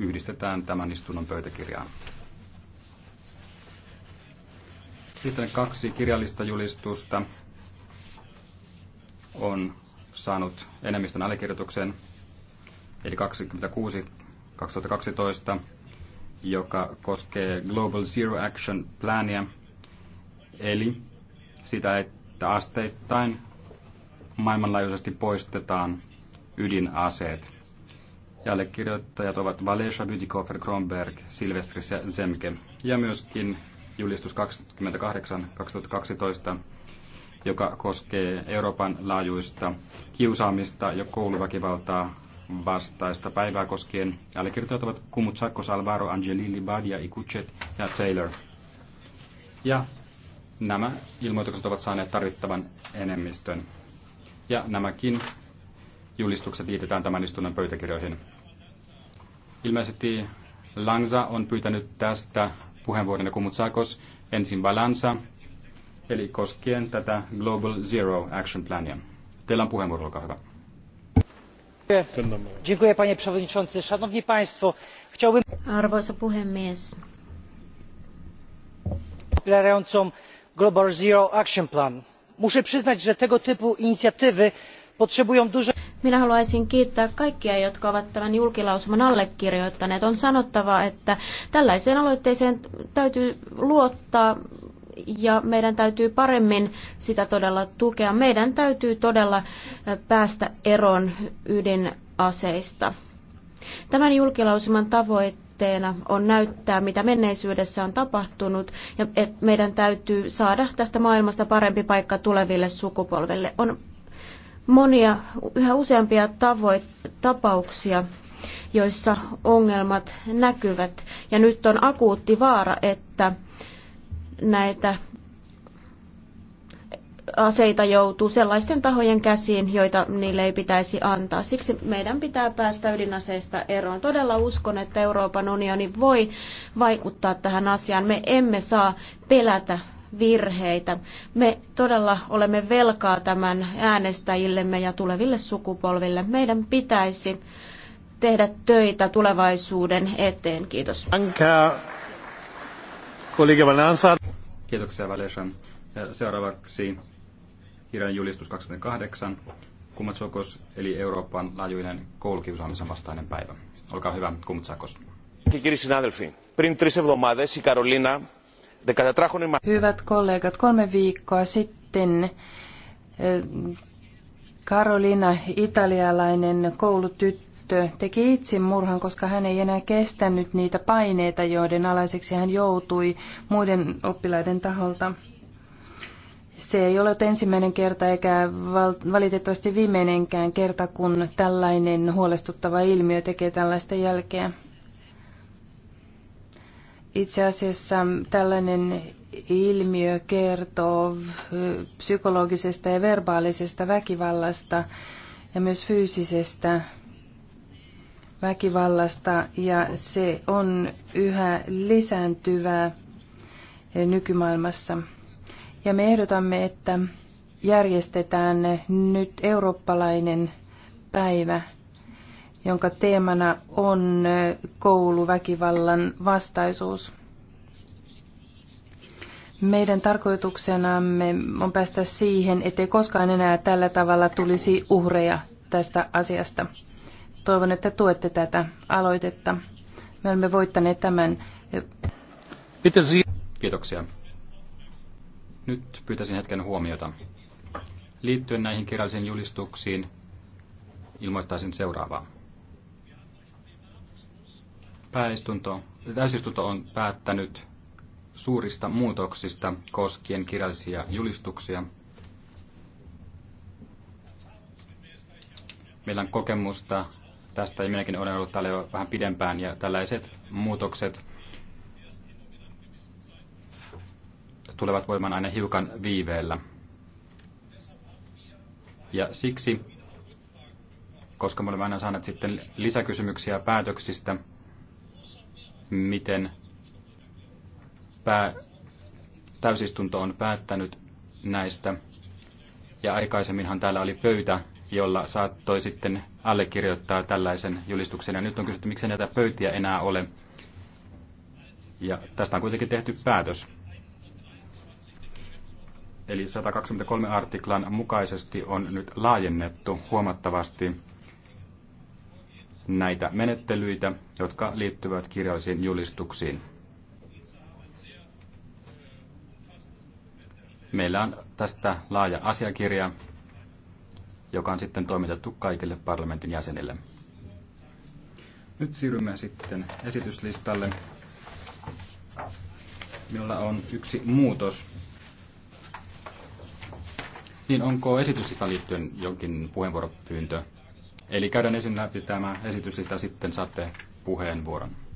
yhdistetään tämän istunnon pöytäkirjaan. Sitten kaksi kirjallista julistusta on saanut enemmistön allekirjoituksen, eli 26 2012, joka koskee Global Zero Action Plania, eli sitä, että asteittain maailmanlaajuisesti poistetaan ydinaseet ja allekirjoittajat ovat Valesha, Bütikofer, Kronberg, Silvestris ja Zemke. Ja myöskin julistus 28-2012, joka koskee Euroopan laajuista kiusaamista ja kouluväkivaltaa vastaista päivää koskien. Allekirjoittajat ovat Kumut Sakkos, Alvaro, Angelini, Badia, Ikuchet ja Taylor. Ja nämä ilmoitukset ovat saaneet tarvittavan enemmistön. Ja nämäkin julistukset liitetään tämän istunnon pöytäkirjoihin. Ilmeisesti Lanza on pyytänyt tästä puheenvuoron ja Kumutsakos ensin Balansa, eli koskien tätä Global Zero Action Plania. Teillä on puheenvuoro, olkaa hyvä. Arvoisa puhemies. popierającą Global Zero Action Plan. Muszę przyznać, że tego typu inicjatywy potrzebują dużo... Minä haluaisin kiittää kaikkia, jotka ovat tämän julkilausuman allekirjoittaneet. On sanottava, että tällaiseen aloitteeseen täytyy luottaa ja meidän täytyy paremmin sitä todella tukea. Meidän täytyy todella päästä eroon ydinaseista. Tämän julkilausuman tavoitteena on näyttää, mitä menneisyydessä on tapahtunut, ja meidän täytyy saada tästä maailmasta parempi paikka tuleville sukupolville. On monia, yhä useampia tavoit- tapauksia, joissa ongelmat näkyvät. Ja nyt on akuutti vaara, että näitä aseita joutuu sellaisten tahojen käsiin, joita niille ei pitäisi antaa. Siksi meidän pitää päästä ydinaseista eroon. Todella uskon, että Euroopan unioni voi vaikuttaa tähän asiaan. Me emme saa pelätä virheitä. Me todella olemme velkaa tämän äänestäjillemme ja tuleville sukupolville. Meidän pitäisi tehdä töitä tulevaisuuden eteen. Kiitos. Kiitoksia Valeshan. Seuraavaksi Iran julistus 28. Kummatsokos eli Euroopan laajuinen koulukiusaamisen vastainen päivä. Olkaa hyvä, Kummatsakos. Κύριοι συνάδελφοι, πριν τρει εβδομάδε η Καρολίνα Hyvät kollegat, kolme viikkoa sitten eh, Karolina, italialainen koulutyttö, teki itsemurhan, koska hän ei enää kestänyt niitä paineita, joiden alaiseksi hän joutui muiden oppilaiden taholta. Se ei ole ensimmäinen kerta eikä valitettavasti viimeinenkään kerta, kun tällainen huolestuttava ilmiö tekee tällaista jälkeä. Itse asiassa tällainen ilmiö kertoo psykologisesta ja verbaalisesta väkivallasta ja myös fyysisestä väkivallasta ja se on yhä lisääntyvää nykymaailmassa. Ja me ehdotamme, että järjestetään nyt eurooppalainen päivä jonka teemana on kouluväkivallan vastaisuus. Meidän tarkoituksenamme on päästä siihen, ettei koskaan enää tällä tavalla tulisi uhreja tästä asiasta. Toivon, että tuette tätä aloitetta. Me olemme voittaneet tämän. Kiitoksia. Nyt pyytäisin hetken huomiota. Liittyen näihin kirjallisiin julistuksiin ilmoittaisin seuraavaa. Pääistunto, täysistunto on päättänyt suurista muutoksista koskien kirjallisia julistuksia. Meillä on kokemusta tästä ja minäkin olen ollut täällä jo vähän pidempään ja tällaiset muutokset tulevat voimaan aina hiukan viiveellä. Ja siksi, koska me olemme aina saaneet sitten lisäkysymyksiä päätöksistä, miten pää, täysistunto on päättänyt näistä. Ja aikaisemminhan täällä oli pöytä, jolla saattoi sitten allekirjoittaa tällaisen julistuksen. Ja nyt on kysytty, miksi näitä pöytiä enää ole. Ja tästä on kuitenkin tehty päätös. Eli 123 artiklan mukaisesti on nyt laajennettu huomattavasti näitä menettelyitä, jotka liittyvät kirjallisiin julistuksiin. Meillä on tästä laaja asiakirja, joka on sitten toimitettu kaikille parlamentin jäsenille. Nyt siirrymme sitten esityslistalle. jolla on yksi muutos. Niin onko esityslistaan liittyen jonkin puheenvuoropyyntö? Eli käydään ensin läpi tämä esityslista ja sitten saatte puheenvuoron.